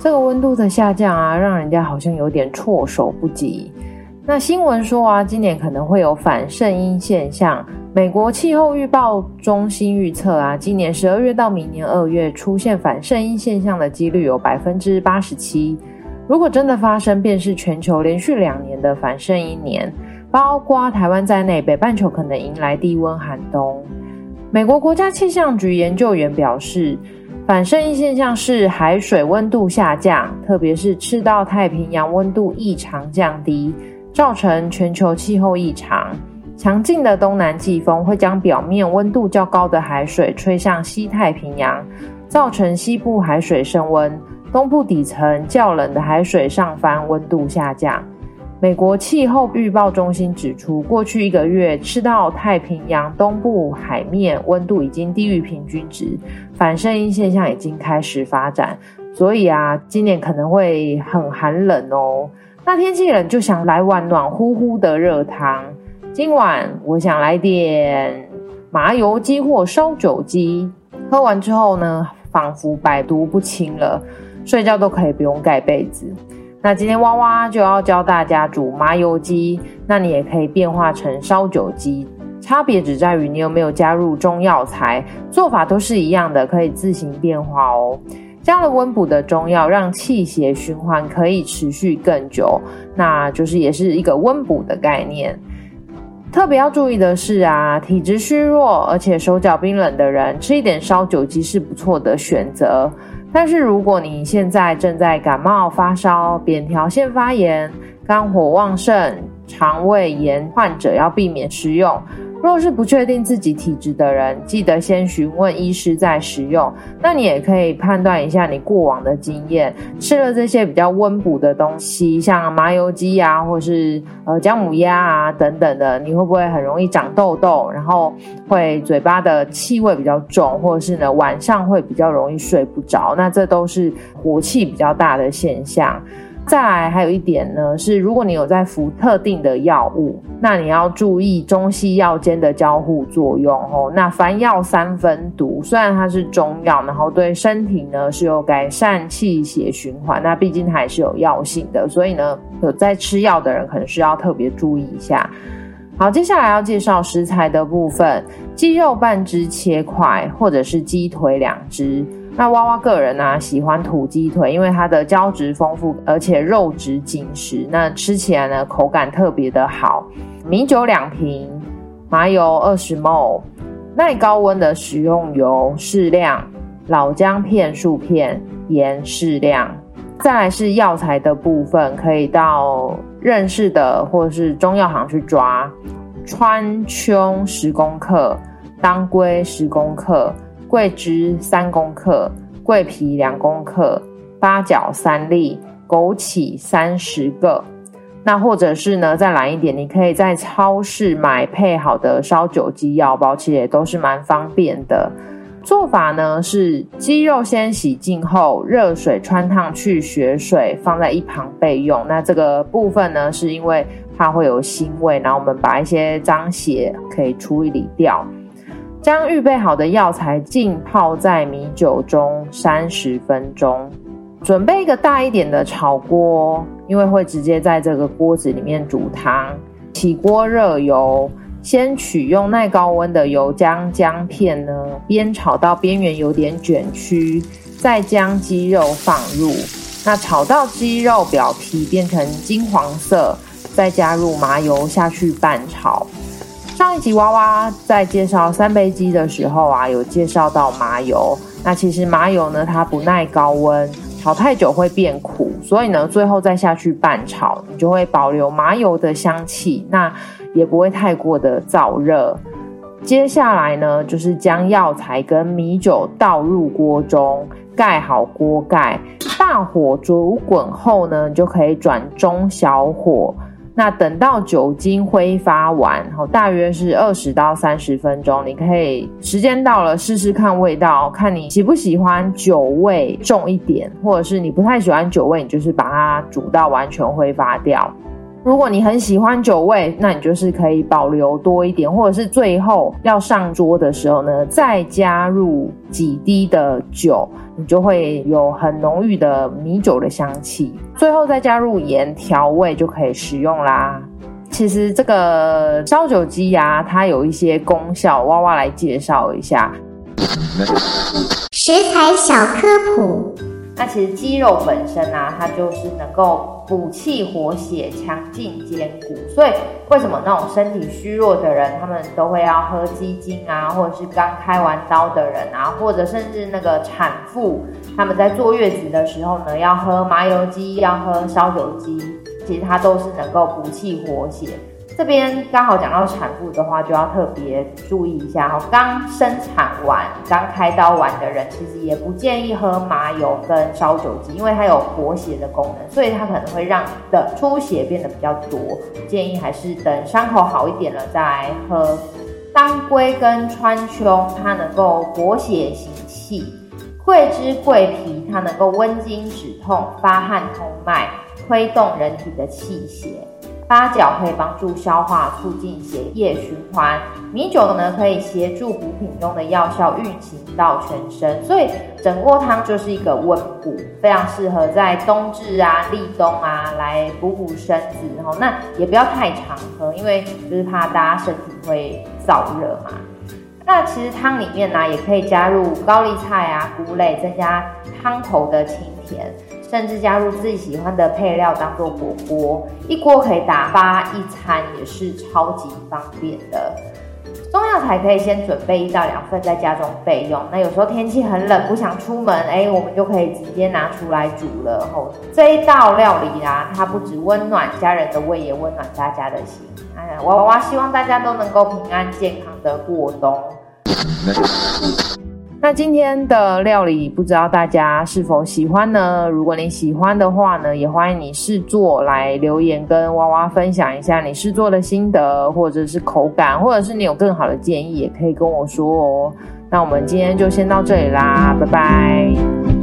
這個溫度的下降啊，讓人家好像有點措手不及。那新聞說啊，今年可能會有反聖嬰現象。美國氣候預報中心預測啊，今年十二月到明年二月出現反聖嬰現象的幾率有百分之八十七。如果真的發生，便是全球連續兩年的反聖嬰年，包括台灣在內，北半球可能迎來低溫寒冬。美國國家氣象局研究員表示。反聖嬰現象是海水溫度下降，特別是赤道太平洋溫度異常降低，造成全球氣候異常。強勁的東南季風會將表面溫度較高的海水吹向西太平洋，造成西部海水升溫，東部底層較冷的海水上翻，溫度下降。美國氣候預報中心指出，過去一個月，赤道太平洋東部海面溫度已經低於平均值，反聖嬰現象已經開始發展。所以啊，今年可能會很寒冷哦。那天氣冷，就想來碗暖呼呼的熱湯。今晚我想來點麻油雞或燒酒雞，喝完之後呢，仿佛百毒不侵了，睡覺都可以不用蓋被子。那今天蛙蛙就要教大家煮麻油雞，那你也可以變化成燒酒雞，差別只在於你有沒有加入中藥材，做法都是一樣的，可以自行變化哦。加了溫補的中藥，讓氣血循環可以持續更久，那就是也是一個溫補的概念。特別要注意的是啊，體質虛弱而且手腳冰冷的人吃一點燒酒雞是不錯的選擇。但是如果你現在正在感冒、發燒、扁桃腺發炎、肝火旺盛、腸胃炎患者，要避免食用。若是不確定自己體質的人，記得先詢問醫師再食用。那你也可以判斷一下你過往的經驗，吃了這些比較溫補的東西，像麻油雞啊，或是呃薑母鴨啊等等的，你會不會很容易長痘痘，然後會嘴巴的氣味比較重，或者是呢晚上會比較容易睡不着？那這都是火氣比較大的現象。再來還有一點呢，是如果你有在服特定的藥物，那你要注意中西藥間的交互作用哦。那凡藥三分毒，雖然它是中藥，然後對身體呢是有改善氣血循環，那畢竟還是有藥性的，所以呢，有在吃藥的人可能需要特別注意一下。好，接下來要介紹食材的部分。雞肉半隻切塊，或者是雞腿兩隻。那蛙蛙個人呢、啊，喜歡土雞腿，因為它的膠質豐富，而且肉質緊實，那吃起來呢，口感特別的好。米酒兩瓶，麻油二十 ml，耐高溫的食用油適量，老薑片數片，鹽適量。再來是藥材的部分，可以到。認識的，或者是中藥行去抓川芎十公克、當歸十公克、桂枝三公克、桂皮兩公克、八角三粒、枸杞三十個。那或者是呢，再懶一點，你可以在超市買配好的燒酒雞藥包，其實也都是蠻方便的。做法呢是雞肉先洗淨後，熱水川燙去血水，放在一旁備用。那這個部分呢，是因為它會有腥味，然後我們把一些髒血可以處理掉。將預備好的藥材浸泡在米酒中三十分鐘。準備一個大一點的炒鍋，因為會直接在這個鍋子裡面煮湯。起鍋熱油。先取用耐高溫的油，將薑片呢煸炒到邊緣有點捲曲，再將雞肉放入。那炒到雞肉表皮變成金黃色，再加入麻油下去拌炒。上一集蛙蛙在介紹三杯雞的時候啊，有介紹到麻油。那其實麻油呢，它不耐高溫，炒太久會變苦。所以呢，最後再下去拌炒，你就會保留麻油的香氣，那也不會太過的燥熱。接下來呢，就是將藥材跟米酒倒入鍋中，蓋好鍋蓋，大火煮滾後呢，你就可以轉中小火。那等到酒精揮發完，然後大約是二十到三十分鐘，你可以時間到了試試看味道，看你喜不喜歡酒味重一點，或者是你不太喜歡酒味，你就是把它煮到完全揮發掉。如果你很喜歡酒味，那你就是可以保留多一點，或者是最後要上桌的時候呢，再加入幾滴的酒，你就會有很濃郁的米酒的香氣。最後再加入鹽調味就可以食用啦。其實這個燒酒雞呀、啊，它有一些功效，蛙蛙來介紹一下。食材小科普。那其實雞肉本身啊，它就是能夠補氣活血、強筋健骨。所以為什麼那種身體虛弱的人，他們都會要喝雞精啊，或者是剛開完刀的人啊，或者甚至那個產婦，他們在坐月子的時候呢，要喝麻油雞，要喝燒酒雞，其實它都是能夠補氣活血。這邊剛好講到產婦的話，就要特別注意一下哦。剛生產完、剛開刀完的人，其實也不建議喝麻油跟燒酒雞，因為它有活血的功能，所以它可能會讓你的出血變得比較多。建議還是等傷口好一點了再來喝。當歸跟川芎，它能夠活血行氣；桂枝、桂皮，它能夠溫經止痛、發汗通脈，推動人體的氣血。八角可以幫助消化，促進血液循環。米酒呢，可以協助補品中的藥效運行到全身，所以整鍋湯就是一個溫補，非常適合在冬至啊、立冬啊來補補身子。吼，那也不要太常喝，因為就是怕大家身體會燥熱嘛。那其實湯裡面呢、啊，也可以加入高麗菜啊、菇類，增加湯頭的清甜。甚至加入自己喜歡的配料當做火鍋，一鍋可以打發一餐，也是超級方便的。中藥材可以先準備一到兩份在家中備用，那有時候天氣很冷不想出門，哎、欸，我們就可以直接拿出來煮了。這一道料理啊，它不止溫暖家人的胃，也溫暖大家的心。哎呀，娃娃希望大家都能夠平安健康的過冬。 那今天的料理，不知道大家是否喜歡呢？如果你喜歡的話呢，也歡迎你試做來留言，跟蛙蛙分享一下你試做的心得，或者是口感，或者是你有更好的建議，也可以跟我說哦。那我們今天就先到這裡啦，拜拜。